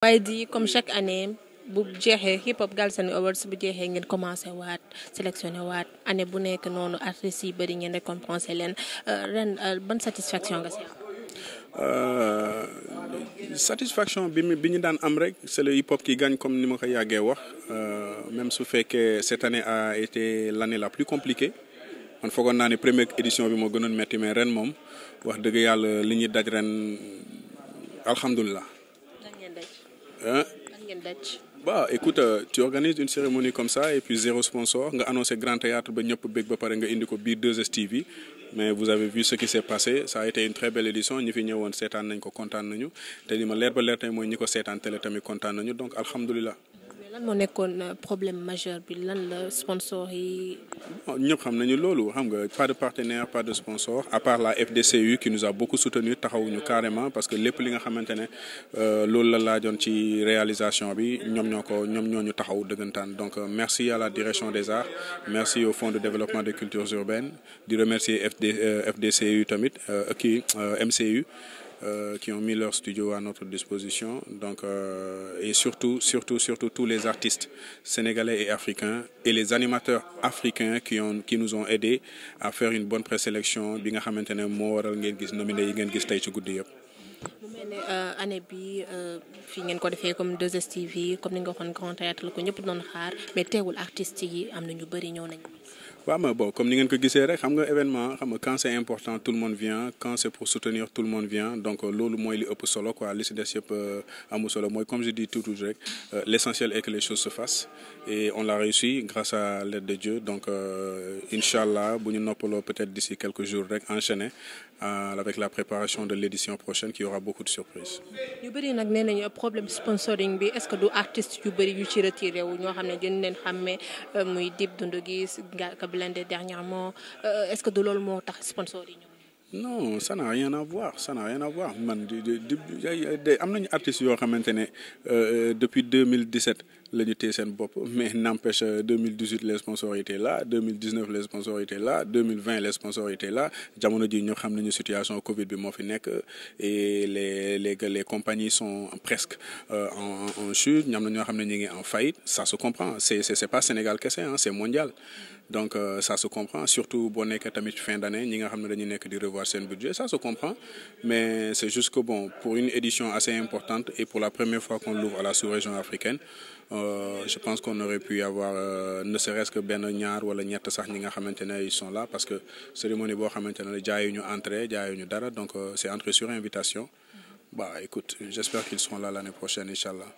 YD comme chaque année bu jeexee hip hop Galsen Awards bu jeexee ngeen commencé waat sélectionné waat année bu nekk noonu artistes yi bëri ngeen récompensé leen euh, ren euh, ban satisfaction nga si am. Euh, bi mi bi ñu daan am rek c'est le hip hop qui gagne comme ni ma ko yàggee wax même su fekkee cette année a été la plus compliquée. man foogoon naa ne première édition bi moo gënoon métti mais ren moom wax dëgg yàlla li ñuy daj ren alhamdulilah. ah. waaw écoute euh, tu organises une cérémonie comme ça et puis zéro sponsor nga annoncé grand théâtre ba ñëpp bég ba pare nga indi ko biir 2STV mais vous avez vu ce qui s'est passé ça a été une très belle édition ñi fi ñëwoon seetaan nañ ko kontaan nañu te li ma leer ba leer tey mooy ñi ko seetaan télé tamit kontaan nañu donc alhamdulilah. lan moo nekkoon euh, problème majeur bi lan la sponsor yi. Oh, ñëpp xam nañu loolu xam nga pas de partenaire pas de sponsor à part la FDCU qui nous a beaucoup soutenu taxawuñu carrément parce que lépp li nga xamante ne euh, loolu la laajoon ci réalisation bi ñoom ñoo ko ñoom ñoo ñu taxaw dëggantaan donc euh, merci à la direction des arts merci au fonds de développement des cultures urbaines di remercier FD FDCU tamit kii MCU. euh, qui ont mis leur studio à notre disposition donc euh, et surtout surtout surtout tous les artistes sénégalais et africains et les animateurs africains qui ont qui nous ont aidés à faire une bonne présélection bi nga xamante ne moo waral ngeen gis nominé yi ngeen gis tey ci guddi yëpp. mu mel ne euh, euh, fii ngeen ko defee comme 2STV comme ni nga waxoon Grand Théâtre la ko ñëpp doon xaar mais teewul artistes yi am na ñu bëri ñëw nañ waaw ma bon comme ni ngeen ko gisee rek xam nga événement xam nga c'est important tout le monde vient quand c'est pour soutenir tout le monde vient donc euh, loolu mooy li ëpp solo quoi li si des yëpp euh, amu solo mooy comme je dis tout toujours rek euh, l'essentiel est que les choses se fassent et on l'a réussi grâce à l'aide de Dieu donc incha allah bu ñu noppaloo peut-être d'ici quelques jours rek enchaîner avec la préparation de l'édition prochaine qui blindé dernièrement euh, est-ce que du loolu moo tax sponsor yi ñëw. non ça n'a rien à voir ça n'a rien à voir man di di am nañu artistes yoo xamante ne euh, euh, depuis 2017. la ñu téye seen bopp mais n'empêche 2018 euh, les sponsors étaient là 2019 les sponsors étaient ji ñu xam nañu situation Covid bi moo fi nekk et les les les compagnies sont presque euh, en en chute ñam na ñoo xam ne ñu ngi en faillite ça se comprend c'est c'est, c'est pas Sénégal kese ah mondial donc euh, ça se comprend surtout boo nekkee tamit fin d'année ñi nga xam ne dañuy nekk di revoir seen budget ça se comprend mais c'est juste bon pour une édition assez importante et pour la première Euh, je pense qu'on aurait pu avoir euh, ne serait que benn ñaar wala ñett sax ñi nga xamante ne ils son là parce que cérémonie boo xamante ne jaayuñu entrée jaayuñu dara donc euh, c'est entrée sur invitation bah écoute j'espère qu'ils sont là l'année prochaine incha allah.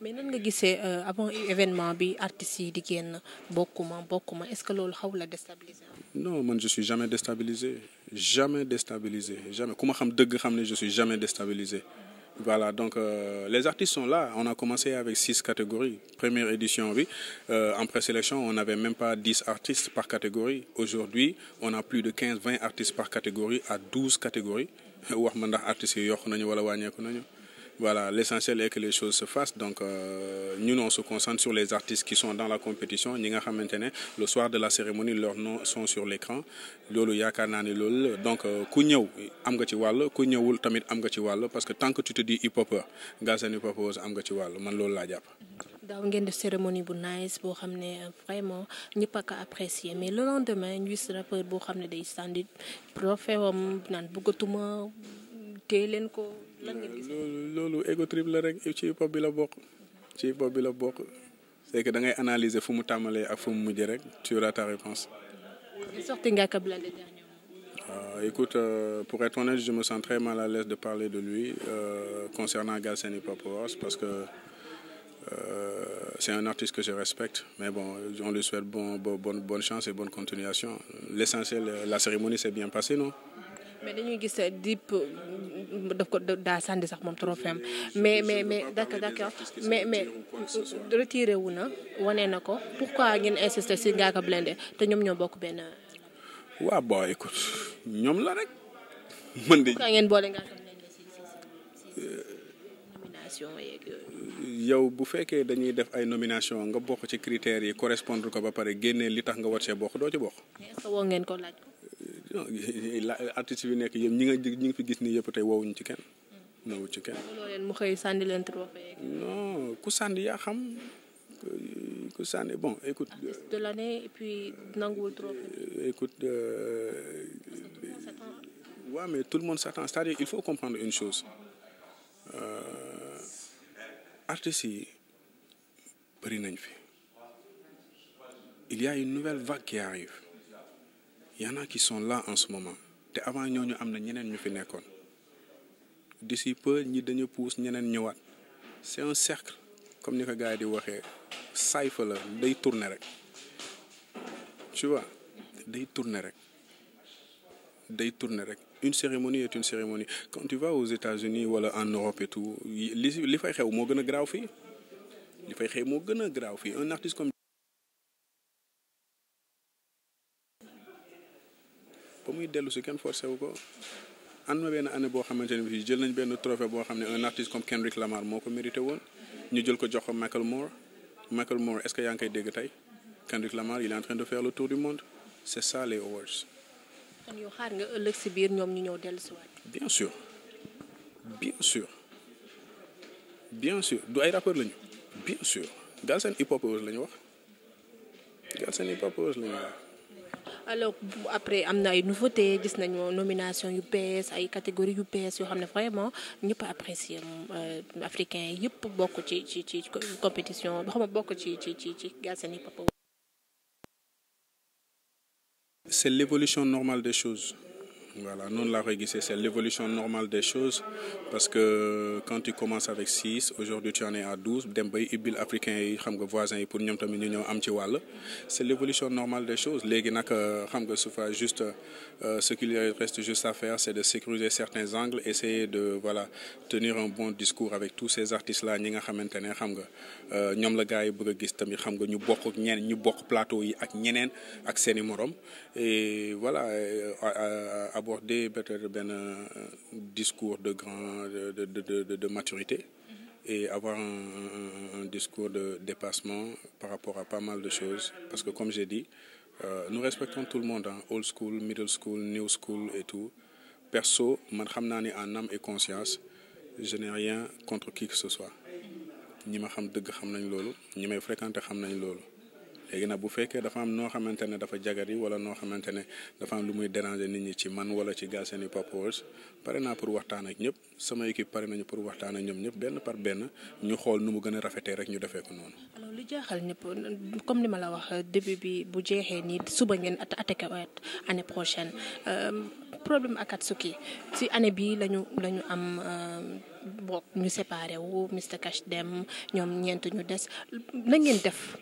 mais nan nga gisee avant événement bi artistes yi di génn bokkuma bokkuma est-ce que loolu xaw la déstabiliser. non man je suis jamais déstabilisé jamais déstabilisé jamais ku ma xam dëgg xam ne je suis jamais déstabilisé. Voilà, donc euh, les artistes sont là. On a commencé avec six catégories. Première édition, euh, en présélection, on n'avait même pas 10 artistes par catégorie. Aujourd'hui, on a plus de 15-20 artistes par catégorie à 12 catégories. wax ma ndax artistes yi yokk nañu wala wàññeeku nañu Voilà, l'essentiel est que les choses se fassent. Donc, euh, on se concentre sur les artistes qui sont dans la compétition. Nous avons maintenant, le soir de la cérémonie, leurs noms sont sur l'écran. Lolo Yakanani Lol. Donc, euh, Kounyaou, Amgatiwal, Kounyaoul Tamit Amgatiwal, parce que tant que tu te dis hip-hopper, Gazan hip-hopper, Amgatiwal, man Lol Ladjap. daaw ngeen def cérémonie bu nice boo xam ne euh, vraiment ñëpp a ko apprécié mais le lendemain ñu gis lan loolu loolu ego trip la rek ci hip hop bi la bokk. ci hip hop bi la bokk. c'est que da ngay analyser fu mu tàmbalee ak fu mu mujjee rek tu auras ta réponse. sorti nga Kabla euh, écoute euh, pour être honnête je me sens très mal à l'aise de parler de lui euh, concernant Galsen Hip Hop parce que. Euh, c'est un artiste que je respecte mais bon on lui souhaite bon, bon bonne bonne chance et bonne continuation l'essentiel la cérémonie s'est bien passée non mais dañuy gis Dip daf ko daa sànni sax moom trophée am mais mais mais d'accord d'accord mais mais retiré wu na wane na ko pourquoi ngeen insister si Ngaaka Blindé te ñoom ñoo bokk benn. waaw bon écoute ñoom la rek. mën de pourquoi ngeen boole Ngaaka Blindé si euh, yow bu fekkee dañuy def ay nomination nga bokk ci critères yi correspondre ko ba pare génnee li tax nga war see bokk doo ci bokk. artiste bi nekk ñi nga ñi nga fi gis nii yëpp tey woowuñu ci kenn. ñëwu ci kenn. mu xëy sànni leen trophée. non ku sànni yaa xam ku sànni bon écoute. artiste de l'année et puis nanguwul trophée. Euh, écoute. waaw euh, mais tout le monde s'attend c'est-à-dire il faut comprendre une chose euh, artistes yi bëri nañ fi il y une nouvelle vague qui arrive. y en a qui sont là en ce moment te avant ñooñu am na ñeneen ñu fi nekkoon d'ici peu ñi dañu puus ñeneen ñëwaat c'est un cercle comme ni ko gars yi di waxee saay fa la day tourner rek tu vois day tourner rek day tourne rek une cérémonie est une cérémonie quand tu vas aux États-Unis wala en Europe tout li li fay xew moo gën a graaw fii li fay xew moo gën a graaw fii un artiste comme ba muy dellu si kenn forcé wu ko am na benn année boo xamante ne bi jël nañ benn trophée boo xam ne un artiste comme Kendrick Lamar moo ko mérité woon ñu jël ko jox ko Michael Moore Michael Moore est-ce que yaa ngi koy dégg tey Kendrick Lamar il est en train de faire le tour du monde c'est ça les awards. kon xaar nga ëllëg si biir ñoom ñu ñëw dellusiwaat. bien sûr bien sûr bien sûr du ay rappeurs lañu. bien sûr Galsen hip hop lañu wax Galsen hip hop lañu wax. alors après am na ay nouveauté gis nañu nomination yu bees ay catégorie yu bees yoo xam ne vraiment ñëpp apprécier euh, africain yëpp bokk ci ci ci compétition xam nga bokk ci ci ci ci Galsen Hip Hop. c'est l'évolution normale des choses. Voilà, nous la réguisser, c'est l'évolution normale des choses parce que quand tu commences avec 6, aujourd'hui tu en es à 12, d'embay ibil africain yi xam nga voisin yi pour ñom tamit ñu ñëw am ci wall. C'est l'évolution normale des choses. Légui nak euh, xam nga soufa juste euh, ce qu'il reste voilà, tenir un bon discours avec tous ces artistes là ñi nga xamantene xam nga euh, ñom la gaay bëgg gis tamit xam nga ñu bokk ak ñen ñu bokk plateau yi ak ñeneen ak seeni morom et voilà wax dès peut-être benn euh, discours de grand de de de de, de maturité. Mhm. et avoir un, un, un discours de dépassement par rapport à pas mal de choses parce que comme j'ai dit euh, nous respectons tout le monde hein, old school middle school new school et tout perso man xam naa ni en âme et conscience je n'ai rien contre qui que ce soit mhm. ñi ma xam dëgg xam nañ loolu ñi may fréquenter xam nañ loolu léegi nag bu fekkee dafa am noo xamante ne dafa jagari wala noo xamante ne dafa am lu muy déranger nit ñi ci man wala ci Galsen Hip Hop Awards pare naa pour waxtaan ak ñëpp sama équipe pare nañu pour waxtaan ak ñoom ñëpp benn par benn ñu xool nu mu gën a rafetee rek ñu defee ko noonu. li jaaxal ñëpp comme ni ma la wax début bi bu jeexee nii suba ngeen attaqué waat année prochaine euh, problème Akatsuki ci année bi lañu lañu am. Euh, bokk ñu séparé wu Mr Cash ñoom ñeent ñu des na ngeen def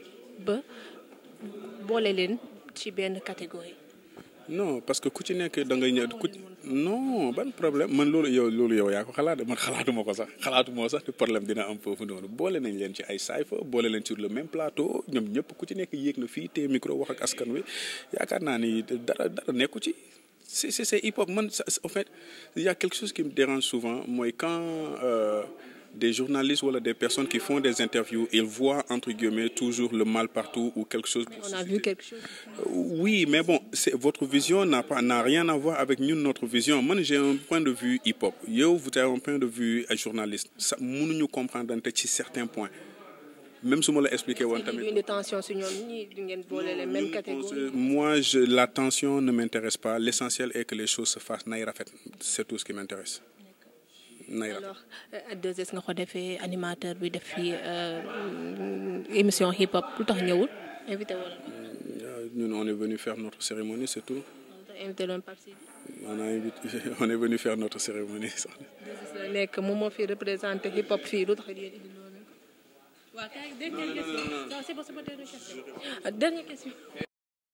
boole leen ci benn catégorie. non parce que ku ci nekk da ngay ñëw ku non ban problème man loolu yow loolu yow yaa ko xalaat man xalaatuma ko sax xalaatuma sax te problème dina am foofu noonu boole nañ leen ci ay sayfa boole leen sur le même plateau ñoom ñëpp ku ci nekk yéeg na fii te micro wax ak askan wi yaakaar naa ni dara dara nekku ci. c'est c'est hip hop man en fait il a quelque chose qui me dérange souvent mooy quand. Euh, des journalistes wala des personnes qui font des interviews ils voient entre guillemets toujours le mal partout ou quelque chose. on a vu quelque chose. Euh, oui mais bon votre vision n'a pas n'a rien à avec ñun notre vision man j'ai un point de vue hip-hop yow vous avez un point de vue journaliste sa mënuñu comprendre te ci certains points. même su ma la expliqué woon tamit moi je la tension ne m'intéresse pas l'essentiel est que les choses se fassent nay rafet c'est tout ce qui m'intéresse nay rafet alors ak 2 nga ko defee animateur bi def fii euh, émission hip hop lu tax ñëwul invité woon euh, ñun on est venu faire notre cérémonie c'est tout. nekk moom fi représenté hip hop fii lu tax waaw kay dernière question. non question.